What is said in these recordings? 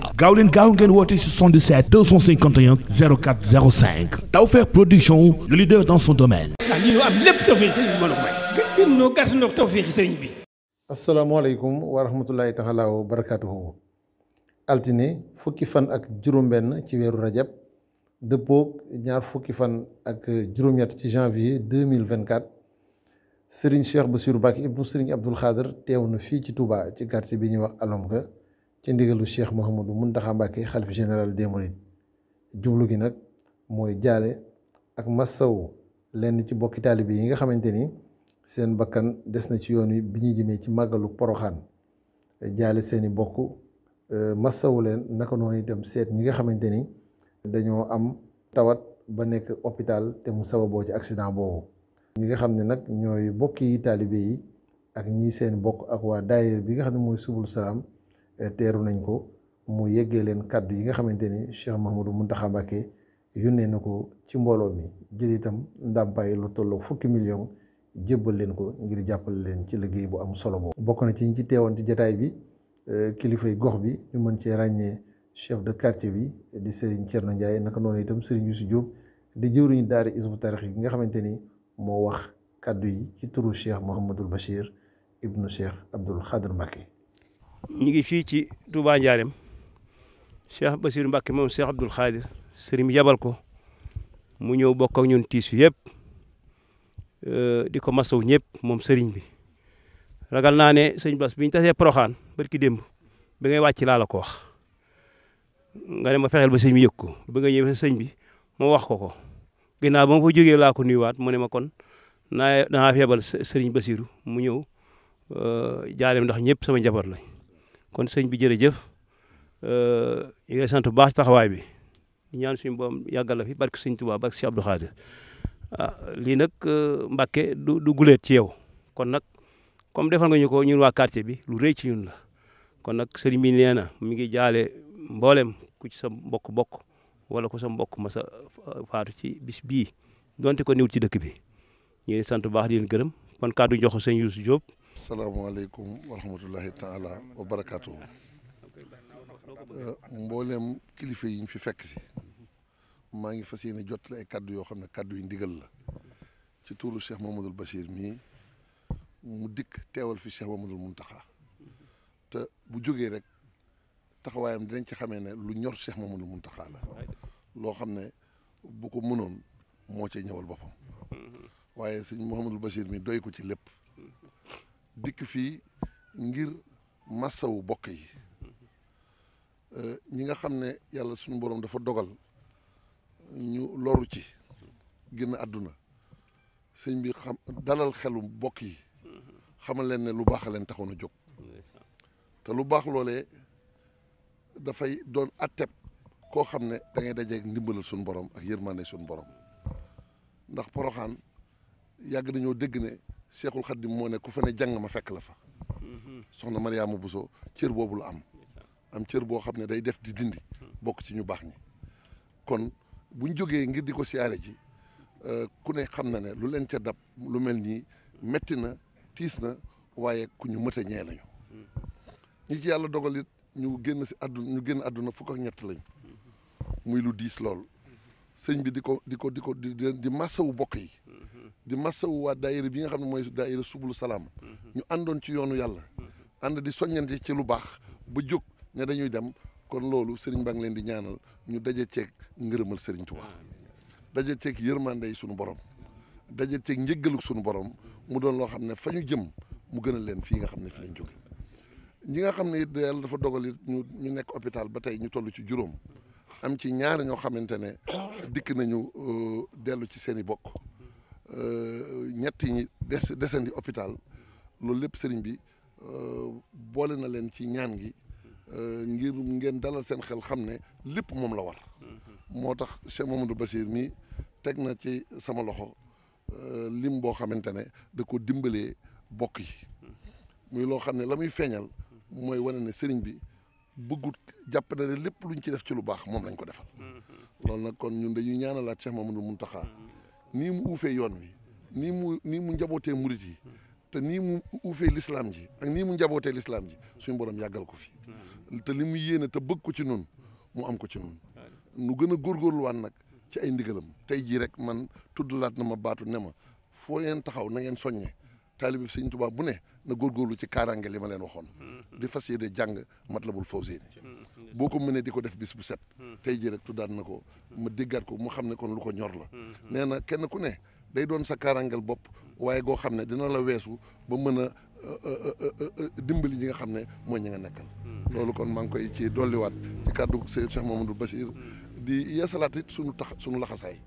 waaw gaaw leen gaaw ngeen woote 77 251 04 05 Tawfekh Production le leader dans son domaine. ah lii ñu am lépp tawfeex sëriñ sëriñ bi. asalaamaaleykum wa rahmatulahi taala wa altine fukki fan ak juróom-benn ci weeru rajab dëppoog ñaar fukki fan ak juróom-ñett ci janvier deux mille vingt quatre Serigne Cheikh Bassirou Mbacké ibnu Serigne Abdoul Khader teew na fii ci Touba ci quartier bi ñuy wax Alomka. ci ndigalu Cheikh Mouhamadou mun Mbacké xalif général des jublu gi nag mooy jaale ak massawu lenn ci bokki taalibe yi nga xamante ni seen bakkan des na ci yoon wi bi ñuy jëmee ci màggalu poroxaan jaale seeni bokk euh, massawu leen naka noonu itam seet ñi nga xamante ni dañoo am tawat ba nekk hôpital te mu sababoo ci accident boobu ñi nga xam ne nag ñooy bokki taalibe yi ak ñii seen bokk ak waa daayir bi nga xam ne mooy subul salaam teeru nañ ko mu yëggee leen kàddu yi nga xamante ni Cheikh mun Mountakha Mbacké yónnee na ko ci mbooloo mi jël itam ndàmpaay lu tolloo fukki million jébbal leen ko ngir jàppale leen ci liggéey bu am solo boobu. bokk na ci ñi ci teewoon ci jataay bi euh, kilifay gox bi ñu mën cee ràññee chef de quartier bi di Serigne Thierno Ndiaye naka noonu itam Serigne Youssou Diop di jëwriñu daara Hizbut Tarqiyyah yi nga xamante ni moo wax kàddu yi ci turu Cheikh Mouhamadul Bachir ibnu Cheikh Abdoul Khadr Mbacké ñu ngi fii ci Touba Ndiarème Cheikh Bassirou Mbacké moom Cheikh Abdoul Khadir sëriñ jabal ko mu ñëw bokk ak ñun tiis yëpp euh, di ko masaw ñëpp moom sëriñ bi ragal naa ne sëñ Bass bi ñu tasee Poroxaan barki démb bi ngay wàcc laa la ko wax nga ne ma fexeel ba sëñ bi yëg ko ba nga ñëwee sëñ bi ma wax ko ko ginnaaw ba ma fa jógee laa ko nuyuwaat mu ne ma kon naa danaa feebal sëriñ Bassirou mu ñëw euh, Ndiarème ndax ñëpp sama njaboot lay kon sëñ bi jërëjëf euh, ñu ngi sant bu baax taxawaay bi ñaan suñu boom yàggal la fi barke sëñ Tuubaa barke si Abdou Khadir ah lii nag euh, Mbàkke du du guleet ci yow kon nag comme defal nga ko ñun waa quartier bi lu rëy ci ñun la kon nag sëriñ bi nee na mi ngi jaale mboolem ku ci sa mbokk bokk wala ku sa mbokk ma sa faatu ci bis bii donte ko néew ci dëkk bi ñu sant bu baax di gërëm kon kàddu jox ko sëñ Youssou Diop salaamaaleykum wa rahmatullahi taala wa barakaatu eh, mboolem kilifa yi ñu fi fekk si maa ngi fas yéene jot la ay kaddu yoo xam ne kàddu yu ndigal la ci tuuru Cheikh Mamadou Bachir mii mu dikk teewal fi Cheikh Mamadou Mountakha te bu jógee rek taxawaayam dinañ ci xamee ne lu ñor Cheikh Mamadou Mountakha la loo xam ne bu ko mënoon moo cee ñëwal boppam mm-hmm. waaye sëñ Mamadou Bachir mi doy ko ci lépp. dikk fii ngir massawu bokk yi euh, ñi nga xam ne yàlla suñu boroom dafa dogal ñu loru ci génn àdduna sëñ bi xam dalal xelu bokk yi xamal leen ne lu baax leen taxoon a jóg te lu baax loolee dafay doon atteb koo xam ne da ngay dajeeg ndimbalal suñu borom ak yërmande suñu boroom ndax poroxaan yàgg nañoo dégg ne Seexul Xaddim moo ne ku fa ne jàng ma fekk la fa mhm. soxna Mariama Bousso cër boobu lu am am cër boo xam ne day def di dindi bokk ci ñu baax ñi kon buñ jógee ngir di ko siyaare ji euh, ku ne xam na ne lu leen ca dab lu mel nii metti na tiis na waaye ku ñu mët a ñee lañu ñi ci yàlla dogal it ñu génn si àdduna ñu génn àdduna fukk ñett lañu muy lu diis lool sëñ bi di ko di ko di ko di di massawu bokk yi di massawu waa daayira bi nga xam ne mooy daayira subulu salaam ñu àndoon ci yoonu yàlla ànd di soññante ci lu baax ba jóg ne dañuy dem kon loolu sëriñ baa leen di ñaanal ñu daje ceeg ngërëmal sëriñ Tuubaa daje ceeg yërmandey suñu borom daje ceeg njëggalu suñu borom mu doon loo xam ne fa ñu jëm mu gënal leen fii nga xam ne fi lañ jóge ñi nga xam ne it yàlla dafa dogal it ñu ñu nekk hôpital ba tey ñu toll ci juróom am ci ñaar ñoo xamante ne dikk nañu euh, dellu ci seen i bokk euh, ñetti ñi des desandi hôpital loolu lépp sëriñ bi euh, boole na leen ci ñaan gi ngir ngeen dalal seen xel xam ne lépp moom la war moo tax Cheikh Mamadou Bassir mi teg na ci sama loxo lim boo xamante ne da ko dimbalee bokk yi muy loo xam ne la muy feeñal mooy wane ne sëriñ bi bëggut jàpp na ne lépp luñ ci def ci lu baax moom lañ ko defal loolu nag kon ñun dañuy ñaana mu Cheikh mun Mountakha nii mu uufee yoon wi nii mu nii mu njabootee murit yi te nii mu uufee lislaam ji ak nii mu njabootee lislaam ji suñu borom yàggal ko fi te li mu yéene te bëgg ko ci nun mu am ko ci nun nu gën a góorgóorluwaan nag ci ay ndigalam tey jii rek man tudd laat na ma baatu ne ma foo neen taxaw na ngeen soññe taalibi Sëriñ tubaab bu ne na góor góorgóorlu ci kaaraange yi ma leen waxoon mm-hmm. di fas yéene jàng Matlabul Fawzeyni mm-hmm. boo ko mënee di ko def bis bu set mm-hmm. tey ji rek tuddaat na ko ma déggaat ko mu xam ne kon lu ko ñor la nee na kenn ku ne day doon sa kaaraangel bopp waaye goo xam ne dina la weesu ba mën a euh, euh, euh, dimbali ñi nga xam ne mooy ñi nga nekkal loolu kon maa ngi koy ci dolliwaat ci kàddu Seydou Cheikh Mamadou Bachir di yeesalaat it sunu tax laxasaay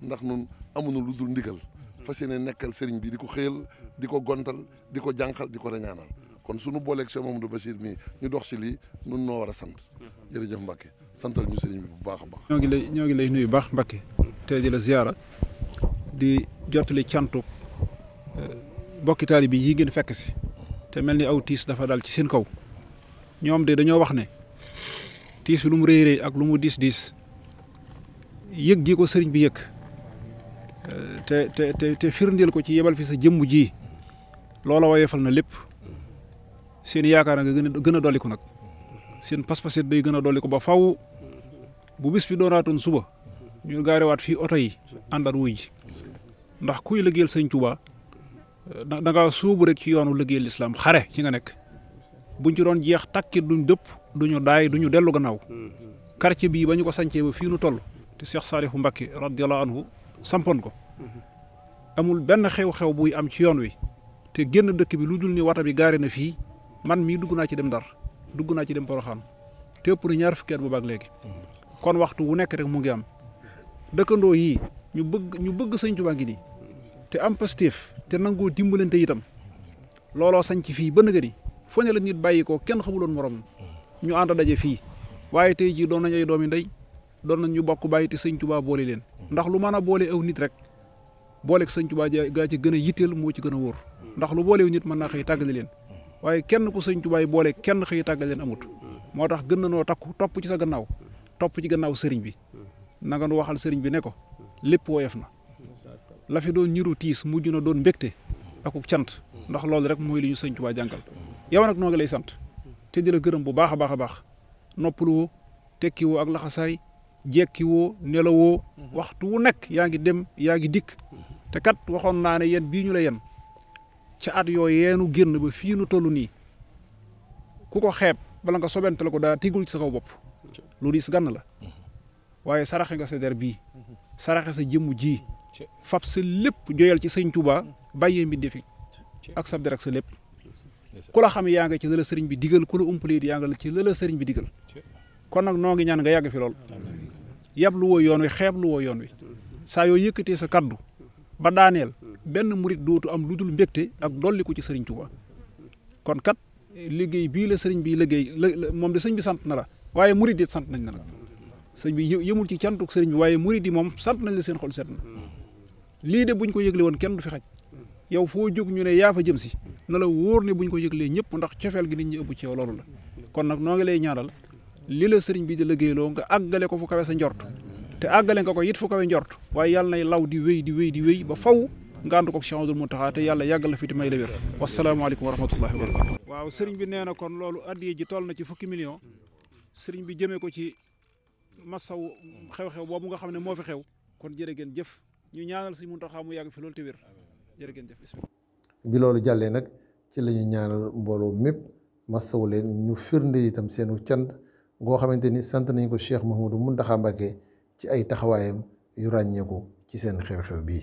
ndax nun amuñu lu dul ndigal fas yéene nekkal sëriñ bi di ko xëyal di ko gontal di ko jànqal di ko rañaanal kon suñu booleeg Cheikh Mamadou Bachir mii ñu dox si li nun noo war a sant jërëjëf Mbacke santal ñu sëriñ bi bu baax a baax ñoo ngi lay ñoo lay nuyu baax Mbacke te di la ziara di jottali cantu eh, bokki bi yi ngeen fekk si te mel ni aw tiis dafa dal ci seen kaw ñoom de dañoo wax ne tiis bi lu mu rëy rëy ak lu mu diis diis yëg gi ko sëriñ bi yëg te te te te firndeel ko ci yebal fi sa jëmm ji loola woyefal na lépp seen yaakaar nga gën a gën a dolliku nag seen pas-pas it day gën a dolliku ba faw bu bis bi doonaatoon suba ñu gaarewaat fii oto yi àndaat wuy ji ndax kuy liggéeyal sëñ Tuubaa da ngaa rek ci yoonu liggéeyal lislaam xare ci nga nekk buñ ci doon jeex takkit duñ dëpp duñu daay duñu dellu gannaaw quartier bii ba ñu ko sancee ba fii nu toll te Cheikh Saalihu Mbacké radiyallahu anhu sampan ko amul benn xew-xew buy am ci yoon wi te génn dëkk bi lu dul ni wata bi gaare na fii man mii dugg naa ci dem Ndar dugg naa ci dem Poroxaan te ëpp na ñaar fukki at boobaak léegi kon waxtu wu nekk rek mu ngi am dëkkandoo yii ñu bëgg ñu bëgg sëñ Tuubaa ngi nii te am pastéef te nangoo dimbalante itam looloo sañ fii ba nga ni foñe la nit bàyyi ko kenn xamuloon morom ñu ànd daje fii waaye tey jii doon nañ ay doomi ndey doon nañ ñu bokk bàyyi te sëñ boole leen ndax lu man a boole aw nit rek booleeg sëñ tubaa gaa ci gën a yitteel moo ci gën a wóor ndax lu booleew nit mën naa xëy tàggale leen waaye kenn ku sëñ tubaay boole kenn xëy tàggale leen amut moo tax gën na noo takku topp ci sa gannaaw topp ci gannaaw sëriñ bi na nu waxal sëriñ bi ne ko lépp woyof na lafi fi doon ñiru tiis mujj na doon mbégte akuk sant ndax loolu rek mooy li ñu sëñ jànkal jàngal yow nag noo lay sant te di gërëm bu baax a baax a baax noppalu woo tekki woo ak laxasaay jekki woo nelawoo mhm. waxtu wu nekk yaa ngi dem yaa ngi dikk mhm. te kat waxoon naa ne yéen bii ñu la yem ca at yooyu yeenu génn ba fii nu toll nii ku ko xeeb bala nga sobente ko daa tigul ci sa kaw bopp loolu is gann la mhm. waaye saraxe nga sa der bii saraxe sa jëmmu ji fab sa lépp joyal ci sëñ Tuubaa bàyyee mbi defi ak sab der ak sa lépp ku la xam yaa nga ci lëla sëriñ bi digal ku la umpalee yaa nga sëriñ bi digal kon nag noo ngi ñaan nga yàgg fi lool yablu woo yoon wi xeeblu woo yoon wi saa yoo yëkkatee sa kaddu ba daaneel benn murit dootu am lu dul mbégte ak dolli ko ci sëriñ Tuuba kon kat liggéey bii la sëriñ bi liggéey moom de sëñ bi sant na la waaye murit yi sant nañ na la sëñ bi yëmul ci cantuk sëriñ waaye murit yi moom sant nañ la seen xol set na lii de buñ ko yëgle woon kenn du fi xaj yow foo jóg ñu ne yaa fa jëm si na la wóor ne buñ ko yëglee ñëpp ndax cofeel gi nit ñi ëpp ci loolu la kon nag noo ngi lay ñaanal li la sëriñ bi di liggéeyloo nga àggale ko fu kawe sa njort te àggale nga ko it fu kawe njort waaye yàlla nay law di wéy di wéy di wéy ba faw nga ànd ko ak Cheikh Abdoul te yàlla yàggal la fi ti may la wér wasalaamaaleykum wa rahmatullahi wa barakatu waaw sëriñ bi neena kon loolu addiye ji toll na ci fukki million sëriñ bi jëmee ko ci massaw xew-xew boobu nga xam ne moo fi xew kon jërë ngeen jëf ñu ñaanal si sëriñ Mountakha mu yàgg fi loolu te wér jërë ngeen jëf bi loolu jàllee nag ci la ñu ñaanal mbooloo mépp masawu leen ñu firnde itam seenu cant goo xamante ni sant nañ ko Cheikh Mouhamadou Mountakha Mbacké ci ay taxawaayam yu ràññeeku ci seen xew-xew bii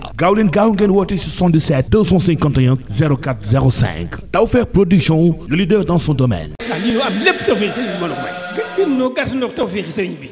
Sénégal gaaw leen gaaw ngeen woote 77 251 04 05 Tawfekh Production le leader dans son domaine. Ah, am lépp tawfeex sëriñ bi mën a may. gën noo gàtt noo tawfeex sëriñ bi.